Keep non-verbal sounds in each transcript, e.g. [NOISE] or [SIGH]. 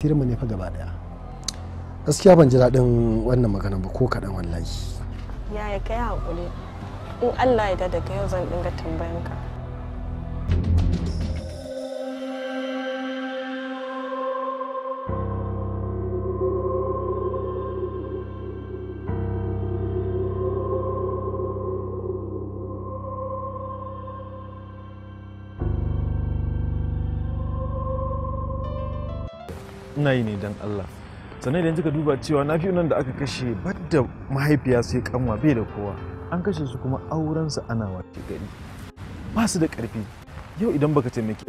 tirinmu ne fa gaba daya gaskiya ban ji daɗin wannan magana ba ko kaɗan wallahi yaya kai hakuri in allah ya da yau zan dinga tambayanka suna yi ne don Allah sannan idan kika duba cewa na fi nan da aka kashe badda mahaifiya sai kanwa bai da kowa an kashe su kuma aurensu ana wace gari ba su da karfi yau idan baka taimake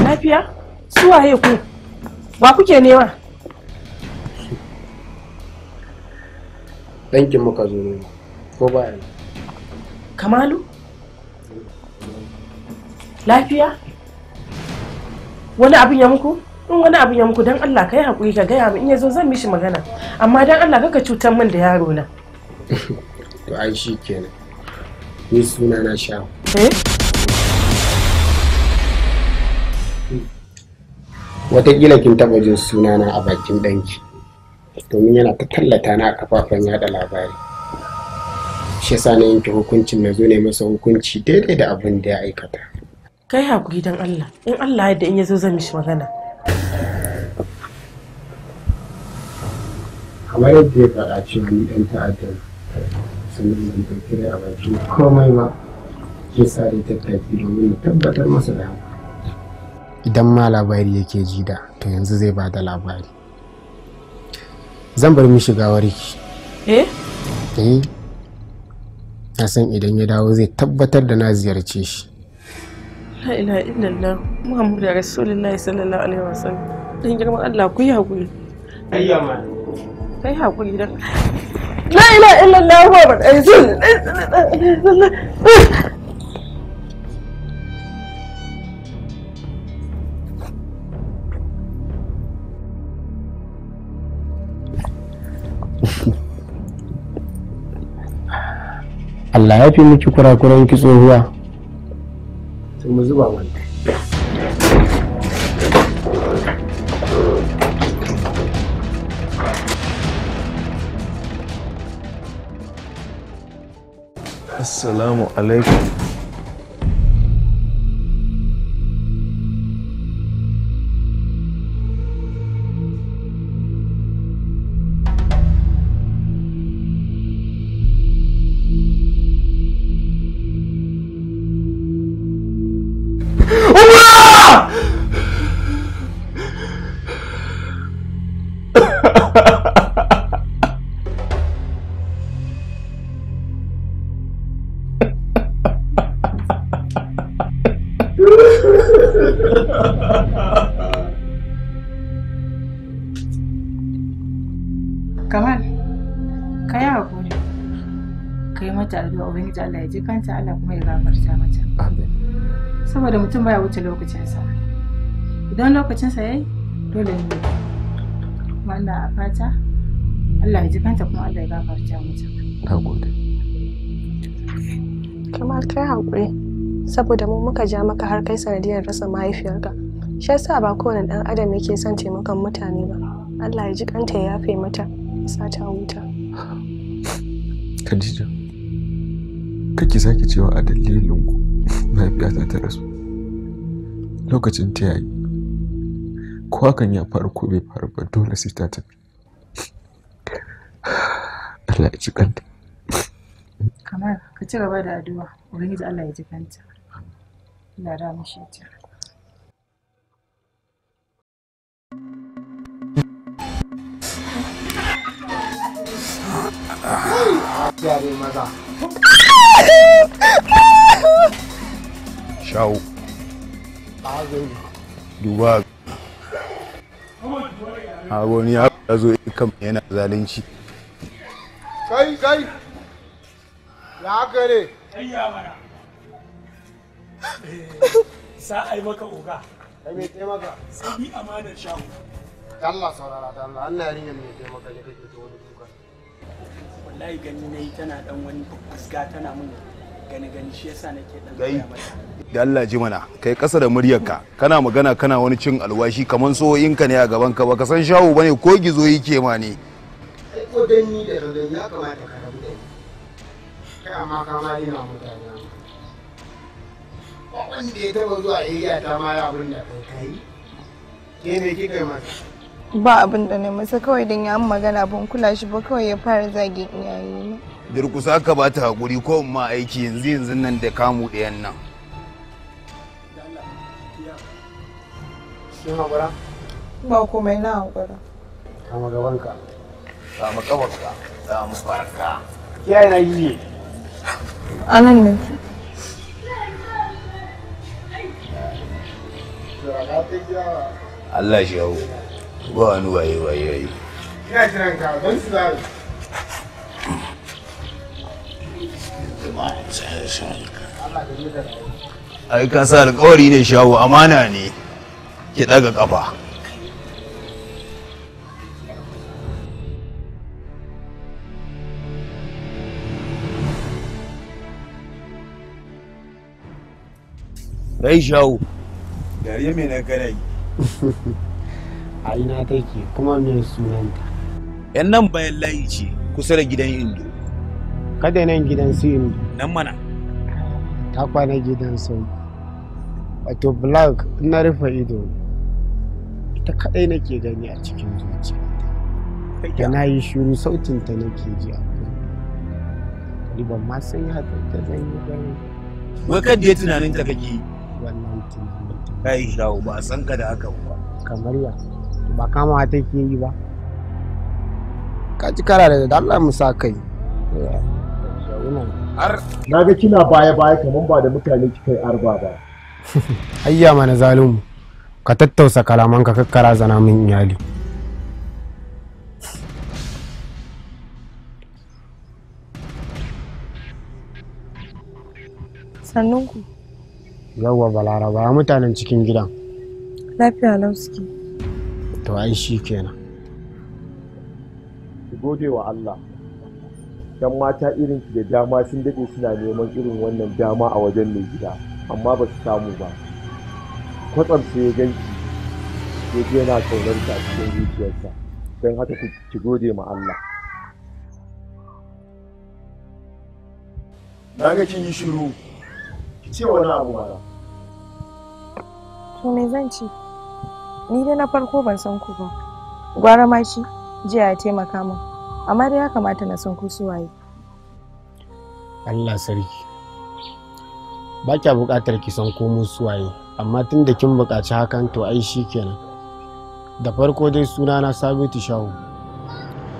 lafiya su waye ku ba kuke nema ɗankin muka zo ne ko ba kamalu lafiya wani abin ya muku in wani abin ya muku dan Allah ka yi haƙuri ka gaya mu in ya zo zan mishi magana amma dan Allah kaka cutar min da yaro na [LAUGHS] to ai shi kenan ni suna na sha eh? wataƙila kin taba jin sunana a bakin ɗanki domin yana ta tallata na a kafafen yada labari shi yasa na yanke hukuncin na zo ne masa hukunci daidai da abin da ya aikata kai hakuri gidan Allah in Allah yadda in ya zo zan mishi magana Kuma yadda ya faɗa cewa ni ɗan ta'adda sannan ban ɗauki a bakin komai ba ke sa da tattaki domin na tabbatar masa da idan ma labari yake ji da to yanzu zai ba da labari zan bar mi shiga warki eh eh na san idan ya dawo zai tabbatar da na ziyarce shi la ilaha illallah muhammadu rasulullahi sallallahu alaihi wasallam dan girman Allah ku yi hakuri ayyama kai hakuri dan la ilaha illallah muhammadu rasulullahi Allah ya fi miki kurakuran ki tsohuwa sai mu zuba mana Assalamu alaikum. je kanta Allah kuma ya gafarta mata saboda mutum baya wuce lokacinsa idan lokacinsa yayi dole ne kuma Allah a fata Allah ya ji kanta kuma Allah ya gafarta mata nagode kamar kai hakuri saboda mu muka ja maka har kai sanadiyar rasa mahaifiyarka shi yasa ba kowane dan adam yake son taimakon mutane ba Allah ya ji kanta ya yafe mata ya sa ta huta Khadija kake sake cewa a dalilin ku [LAUGHS] mahaifiyata ta rasu lokacin ta yayi ko hakan ya faru ko bai faru ba dole sai ta tafi [SIGHS] Allah ya ji kamar ka ci gaba da addu'a ubangiji Allah ya ji kanta Allah ya mishi ta maza. shawo duba a wani ya zo kan yana zalunci kai kai ya gare eh, sa a yi maka oga kai mai taimaka sai amanar shawo Allah saurara Allah Allah ya ringa mai taimaka ya kake ta wani duka wallahi gani nayi tana dan wani fuska tana mun gani gani shi yasa nake dan gaya mata da Allah ji mana kai kasa da muryarka kana magana kana wani cin alwashi kaman ka ne a gaban ka baka san shawo bane ko gizo yake ma ne kai ko ni da danni ya kamata ka rabu da ni kai amma ka ma dina mutane wanda ya taba zuwa area ta ma ya abin da kai kai ne kika masa ba abin da na masa kawai don ya magana ban kula shi ba kawai ya fara zagin iyaye durkusa ka ba ta hakuri ko ma aiki yanzu yanzu nan da kamu ɗayan nan Shin haƙura? Ba komai na haƙura. Kama gabanka, kama kabarka, kama farka. Kiyaye na yi A nan ne. Allah shi hau. ba wani waye waye waye ina jiran don su zaru ai ka sa alƙawari ne shawo amana ne ki ɗaga ƙafa Rai shawo. Gari mai na gare. [LAUGHS] a ina take kuma mai sunanta yan nan bayan layi ce kusa da gidan indo kada nan gidan su indo nan mana ta kwana gidan su wato black na rufe ido ita kadai nake gani a cikin zuciya da na yi shiru sautinta nake ji a kullum ban ma san haɗa ta zan yi gani wai da ya tunanin ta kake wannan tunanin ta kai shawo ba a san ka da aka ba kamar ya ba kama ta ke yi ba ka ji kara da Allah mu sa kai na ga kina baya baya kaman ba da mutane kai arba ba [LAUGHS] ayya mana zalimu ka tattausa kalaman ka kakkara zana min iyali sannunku yawwa balaraba mutanen cikin gidan lafiya lau suke to ai shi kenan ki gode wa Allah dan mata irin ki da dama sun dade suna neman irin wannan dama a wajen mai gida amma ba su samu ba kwatsam sai ya ganki ya je yana kaunar ta cikin zuciyarsa don haka ki gode ma Allah na ga kin yi shiru ki ce wani abu ba to me zan ci ni dai na farko ban san ku ba gwara ma shi jiya ya taimaka min amma dai ya kamata na san ku suwaye Allah sarki ba kya buƙatar ki san ko suwaye amma tunda kin buƙaci hakan to ai shi kenan da farko dai suna na sabitu shahu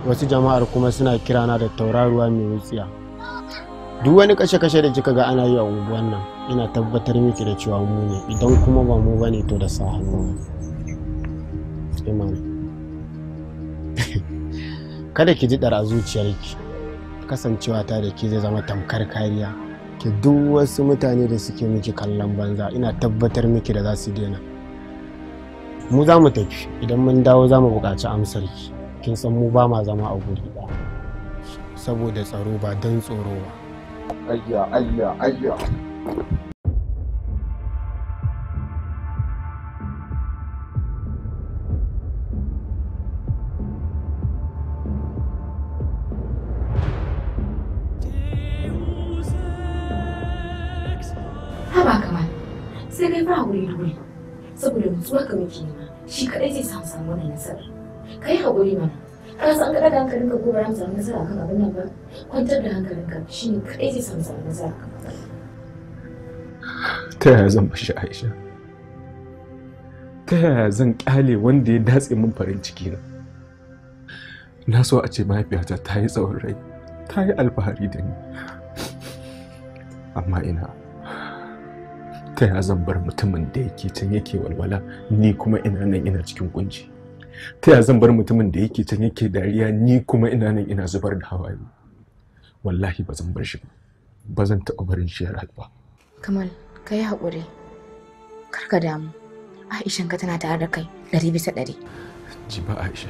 wasu jama'ar kuma suna kirana da tauraruwa mai wutsiya duk wani kashe-kashe da kika ga ana yi a unguwan nan ina tabbatar miki da cewa mu ne idan kuma ba mu bane to da sa hannu kada ki ji a zuciyarki kasancewa ta da ki zai zama tamkar kariya ki duk wasu mutane da suke miki kallon banza ina tabbatar miki da za su daina mu za mu tafi idan mun dawo za mu buƙaci amsarki kin san mu ba ma zama a guri ba saboda tsaro ba don tsoro ba ayya ayya ayya kasuwar ka muke nema shi kadai zai samu samu wannan nasara kai haƙuri mana ka san ka daga hankalinka ko ba za mu nasara kan abin nan ba kwantar da ka shi ne kadai zai samu samu nasara akan ta yaya zan bashi Aisha ta yaya zan kyale wanda ya datse min farin ciki na na so a ce mahaifiyata ta yi tsawon rai ta yi alfahari da ni amma ina ta ya zan bar mutumin da yake can yake walwala ni kuma ina nan ina cikin kunci ta ya zan bar mutumin da yake can yake dariya ni kuma ina nan ina zubar da hawaye wallahi ba zan bar shi ba ba zan taɓa barin shi ya ba kamal ka yi haƙuri kar ka damu aishan ka tana tare da kai ɗari bisa ɗari ji ba aisha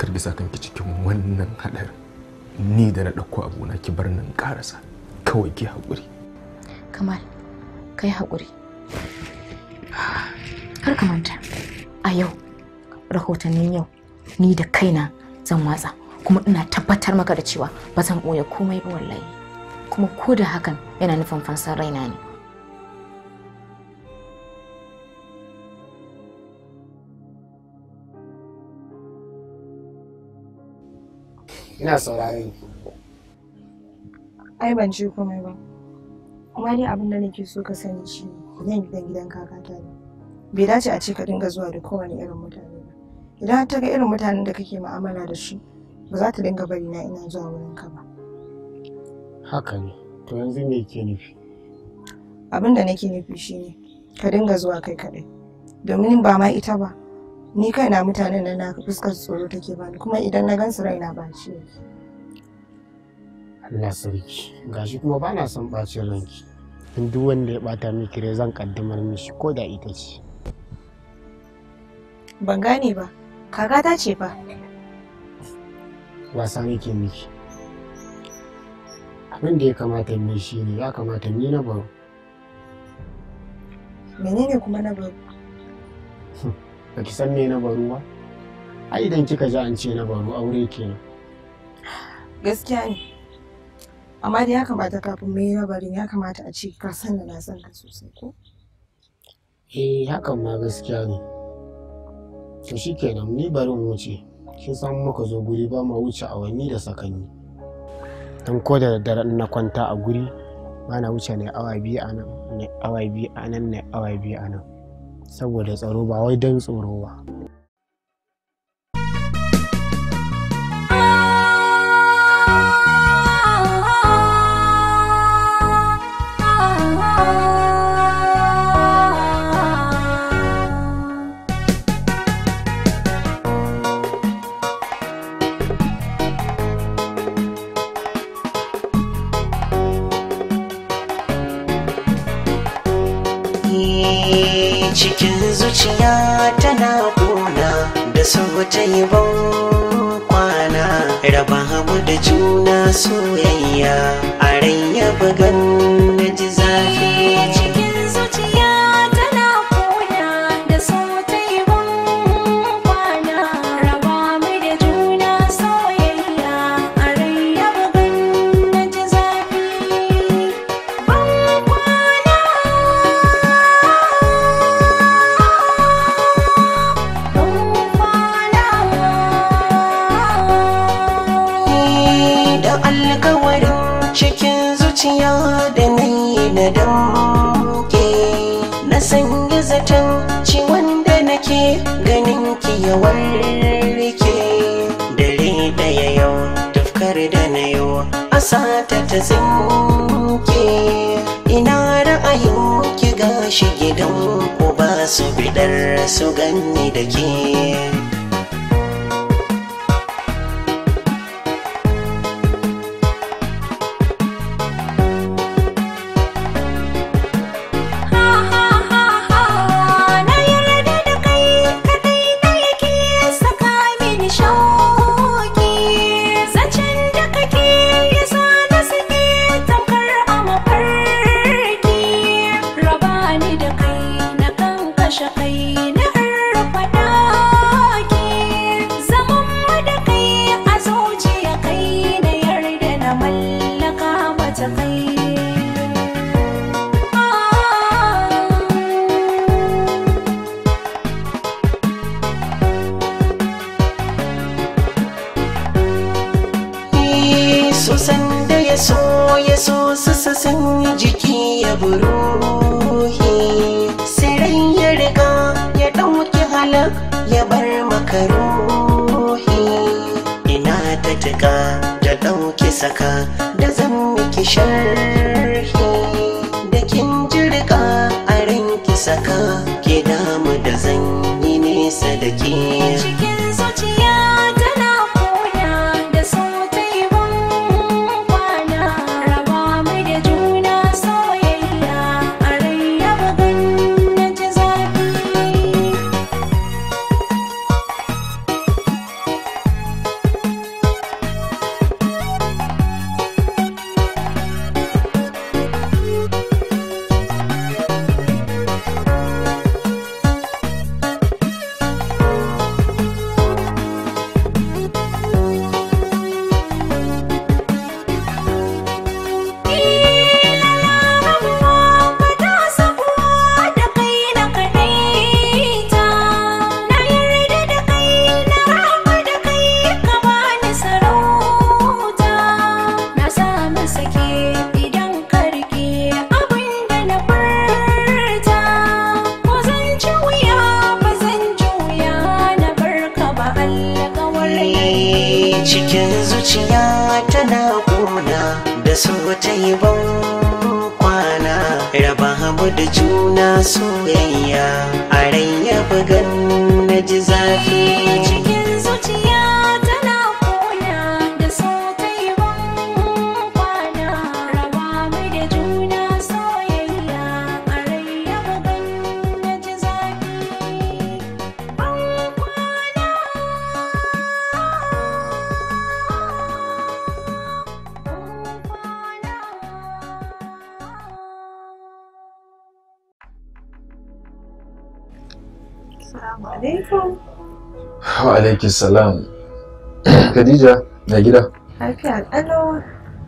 kar ki sa kanki cikin wannan haɗarin ni da na ɗauko abuna ki bar nan ƙarasa kawai ki haƙuri kamal kai hakuri har ka manta a yau rahotannin yau ni da kaina zan watsa kuma ina tabbatar maka da cewa ba zan ɓoye komai ba wallahi kuma ko da hakan yana nufin fansar raina ne ina saurari. ai ban ci komai ba kuma dai abin da nake so ka sani shi zan gidan gidan kakata ne bai dace a ce ka dinga zuwa da kowane irin mutane ba idan ta ga irin mutanen da kake mu'amala da shi ba za ta dinga bari na ina zuwa wurin ka ba haka ne to yanzu me ke nufi abin da nake nufi shine ka dinga zuwa kai kaɗai domin ba ma ita ba ni kaina mutanen nan na fuskar tsoro take bani kuma idan na gansu raina ba shi yake Allah sarki gashi kuma ba na son bacin ranki in duk wanda ya bata miki rai zan kaddamar mishi ko da ita ce ban gane ba kaga ta ce fa wasa nake miki abin da ya kamata mu shi ne ya kamata ni na baro menene kuma na baro ba ki san me na baro ba ai idan kika ji an ce na baro aure kenan gaskiya ne amma dai ya kamata kafin mai rabarin ya kamata a ce ka san da na san ka sosai ko eh hakan ma gaskiya ne to shikenan ni bari mu wuce kin san muka zo guri ba mu wuce a wani da sakanni dan koda da daddare na kwanta a guri ba na wuce ne awa biyu a nan ne awa biyu a nan ne awa biyu a nan saboda tsaro ba wai don tsoro ba cikin zuciya tana kuna da su ta yi kwana raba hamu da juna soyayya a rai ya na ji zafi ci wanda nake ganin ki yawan rike dare daya yau tufkar da na yau a sata ta zinke ina ra'ayin ki gashi gidan ku ba su bidar su ganni da ke saka da zamu ki cikin zuciya tana kuna da su ta yi ban kwana raba hamu da juna soyayya a rai ya bugan na ji zafi alaiki salam khadija na gida lafiya al'adu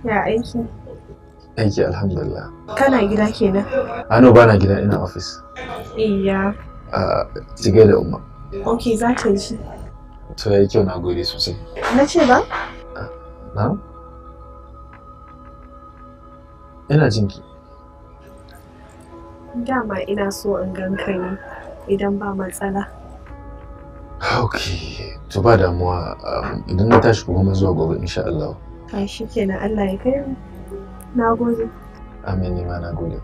ya aiki aiki alhamdulillah kana gida kenan ano ba na gida ina ofis iya a tigai da umma ok za ta ji to ya yi kyau na gode sosai na ce ba na ina jinki dama ina so in gan ka idan ba matsala Okay, to ba damuwa um, idan na tashi kuma zuwa gobe insha Allah. A shi Allah ya kai mu. Na gode. Amin ni ma na gode.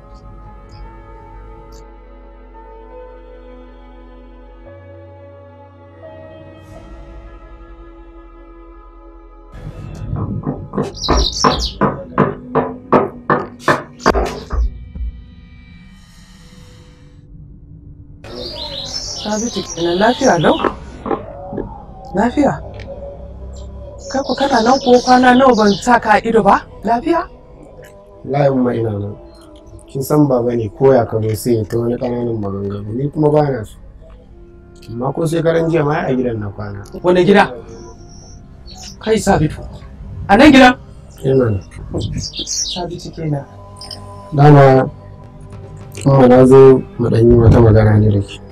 Sabitu, ina lafiya lau? Lafiya? Kai ku kana nan ko kwana nawa ban sa ka ido ba? Lafiya? Layin mai na nan. Kin san baba ne ko ya kamo sai ta wani ƙananan maganganu ni kuma ba na so. Amma ko karan jiya ma a gidan na kwana. Wani gida? Kai Sabitu. A nan gidan? Ina nan. Sabitu kenan. Dama kuma na zo mu ɗan yi wata magana ne da ke.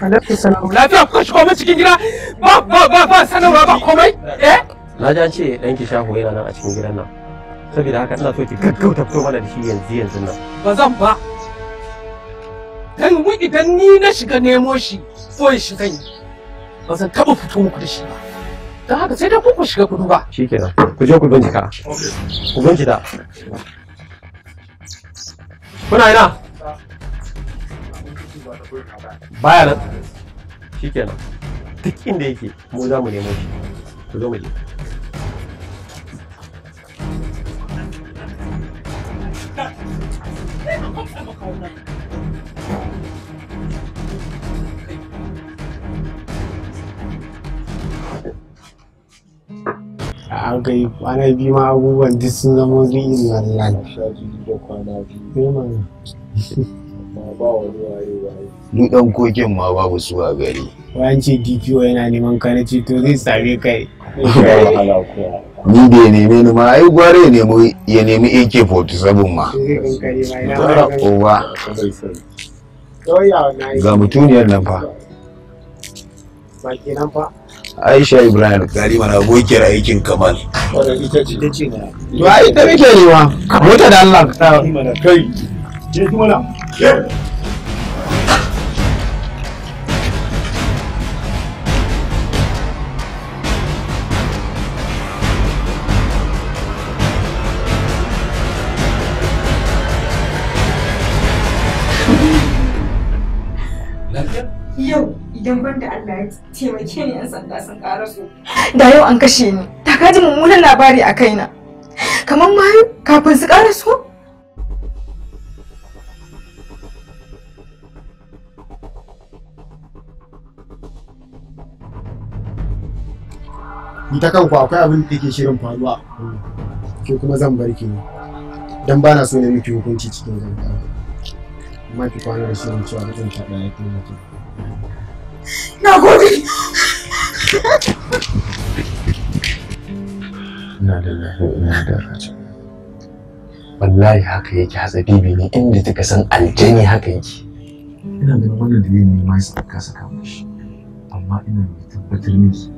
Lafiya kuka shigo mu cikin gida? Ba ba ba ba sanarwa ba komai? Eh? Na ji an ce ɗanki shaho yana nan a cikin gidan nan. Saboda haka ina so ki gaggauta fito mana da shi yanzu yanzu nan. Ba zan ba. Dan idan ni na shiga nemo shi, koyi shi zan yi. Ba zan taɓa fito muku da shi ba. Don haka sai dai ku shiga ku duba. Shikenan. Ku je ku bincika. Ku bincika. Kuna ina? baya nan shikenan duk inda yake mu za mu nemo shi ku zo mu je aka yi kwana biyu ma abubuwan duk sun zama zuri irin wallahi. Shaji da kwana biyu. Eh Ni ɗan kokin ma babu su a gari. Wance ce DPO yana neman ka na ce to zai same kai. Ni da ya neme ni ma ai gware ya nemi AK-47 ma. Gwara kowa. Ga mutuniyar nan fa. Ba fa. Aisha Ibrahim gari na gokiyar aikin Kamal. Ita ce ta ce na. Wa ita muke nema. Mota da Allah. Kai. Je kuma Yep. Yau idan ban da Allah ya taimake ni 'yan sanda sun ƙaraso. Da yau an kashe ni, ta kaji mummunan labari a kaina. Kamar ma kafin su ƙaraso? ta kanku akwai abin da ke shirin faruwa ke kuma zan bar ki ne dan bana so ne miki hukunci cikin gaggawa amma ki kwana da shirin cewa da zan taɓa yaƙi miki na gode ina da lafiya ina da rajin wallahi haka yake hatsabibi ne inda ta san aljani haka yake ina ganin wannan dalilin ne ma sai ka saka mishi amma ina mai tabbatar miki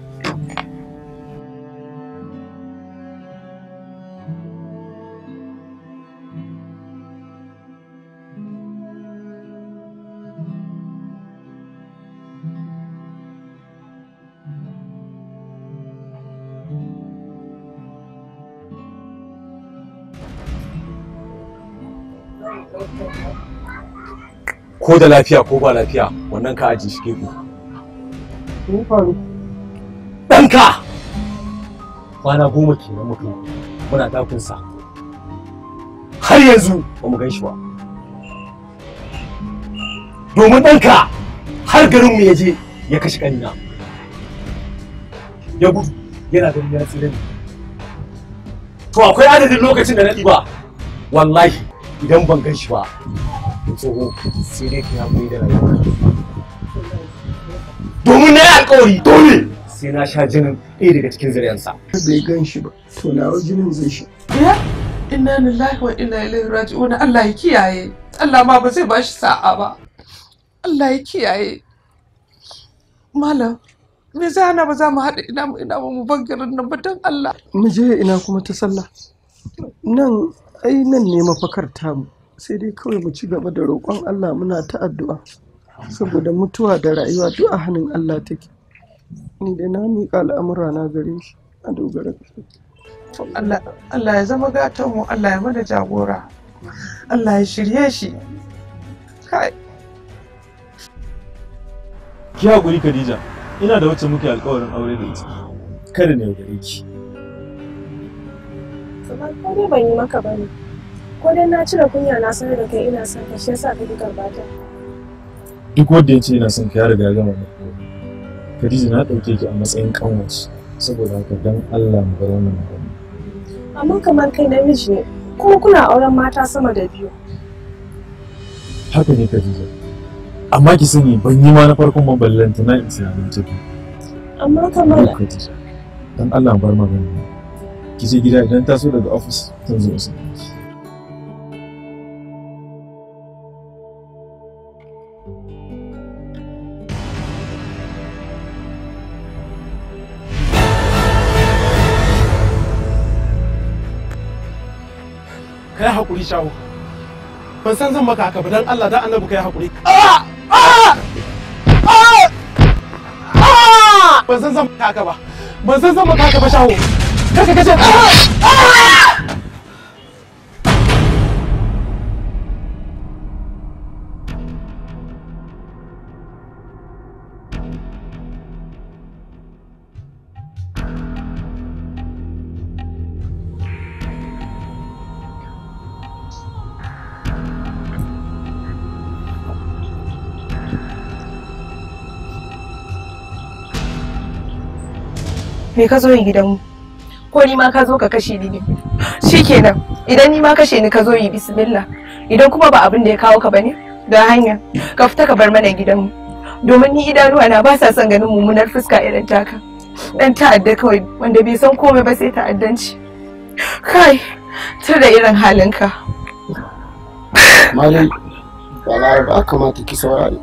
ko da lafiya ko ba lafiya wannan ka ajin shi ku ɗanka kwana goma kenan muka muna dakunsa har yanzu ba mu gan shi ba domin ɗanka har garinmu ya je ya kashe ƙanina ya gudu yana ganin ya ne. to akwai adadin lokacin da na ɗiba wallahi idan ban gan shi ba tsoho sai dai ki haƙuri da rayuwa domin na yi alƙawari dole sai na sha jinin ɗaya daga cikin zuriyansa bai gan shi ba to nawa jinin zai shi inna lillahi wa inna ilaihi raji'un Allah ya kiyaye Allah ma ba zai ba shi sa'a ba Allah ya kiyaye malam me za na ba za mu haɗa ina mu ina mu bangaren nan ba dan Allah mu je ina kuma ta sallah nan ai nan ne mafakar tamu sai dai kawai mu ci gaba da roƙon Allah muna ta addu'a saboda mutuwa da rayuwa duk a hannun Allah take ni da na miƙa al'amura na gare shi a dogara Allah ya zama gatonmu Allah ya mana jagora Allah ya shirye shi kai ki haƙuri Khadija ina da wacce muke alƙawarin aure da ita kada ne gare ki ban yi maka bane ko dai na cire kunya na sanar da kai ina son ka shi yasa kake karbata duk wanda yace ina son ka ya riga ya gama da Khadija na dauke ki a matsayin kanwace saboda haka dan Allah mu bar wannan magana amma kamar kai namiji ne kuma kuna auren mata sama da biyu haka ne Khadija amma ki sani ban yi ma na farkon maballanta na isa mun amma kamar Khadija dan Allah mu bar magana ki je gida idan ta so daga office tun zo in ka yi haƙuri shawo ban san zan maka haka ba don Allah da annabi ka yi haƙuri ah! ah! ah! ban san zan maka haka ba ban san zan maka haka ba shawo kace me ka zo yi gidanmu ko ni ma ka zo ka kashe ni ne shikenan idan ni ma kashe ni ka zo yi bismillah idan kuma ba abin da ya kawo ka bane da hanya ka fita ka bar mana gidanmu domin ni idanuwa na ba sa son ganin mummunar fuska irin taka dan ta'adda kawai wanda bai san komai ba sai ta'addanci kai tun da irin halinka malam ba kamata ki saurari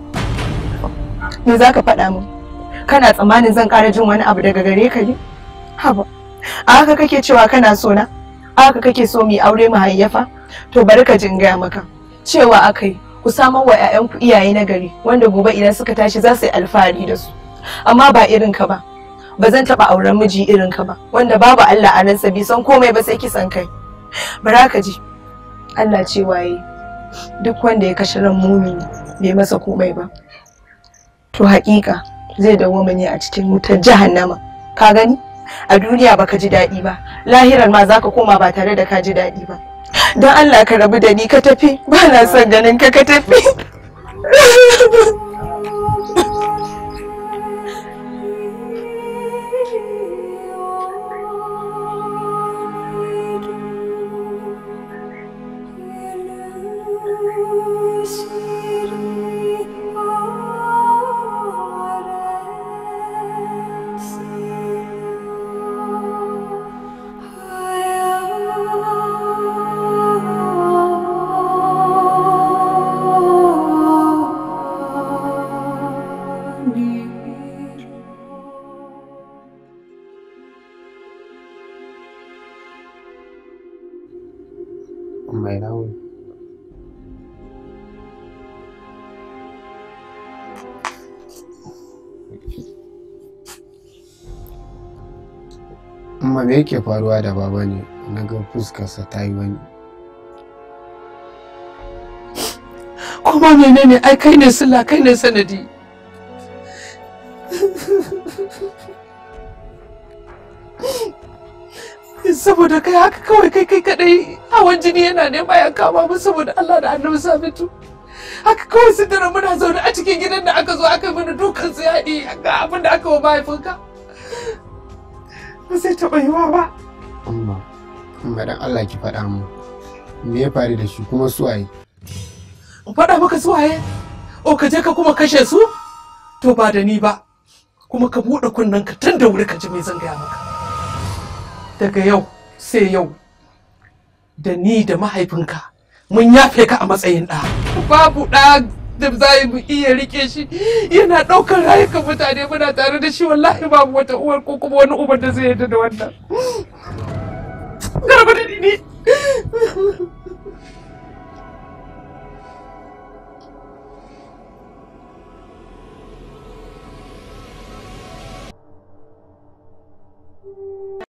me za ka faɗa min kana tsammanin zan ƙara jin wani abu daga gare ka ne haba a haka kake cewa kana so na a haka kake so mu aure mu hayyafa to bari ka jin gaya maka cewa akai ku samar wa ku iyaye na gari wanda gobe idan suka tashi za su yi alfahari da su amma ba irin ka ba ba zan taɓa auren miji irin ka ba wanda babu Allah a ransa bai san komai ba sai kisan kai bara ka ji Allah ce waye duk wanda ya kashe ran mumini bai masa komai ba to haƙiƙa zai dawwama ne a cikin wutar jahannama ka gani a duniya baka ji daɗi ba lahirar ma zaka koma ba tare da ka ji daɗi ba don Allah ka rabu da ni ka tafi ba na son ganin ka ka tafi [LAUGHS] me yake faruwa da baba ne na ga fuskarsa ta yi wani kuma menene ai kai ne sila kai ne sanadi saboda kai haka kawai kai kai kadai hawan jini yana nema ya kama mu saboda Allah da annabi sabitu haka kawai su muna zaune a cikin gidan da aka zo aka mana dukan su yaɗi ga abin da aka wa mahaifinka sai zai taɓa yiwa ba. Amma, amma dan Allah ki faɗa mu. Me ya faru da shi kuma suwaye? Faɗa maka suwaye? O oh, ka je ka kuma kashe su? To ba da ni ba. Kuma ka buɗe kunnen ka tun da wuri ka ji me zan gaya maka. Daga yau sai yau. Da ni da mahaifinka mun yafe ka a matsayin ɗa. Babu ɗa da za mu iya rike shi yana ɗaukar rayukan mutane muna tare da shi wallahi babu wata uwar ko kuma wani uban da zai yarda da wannan. Garba da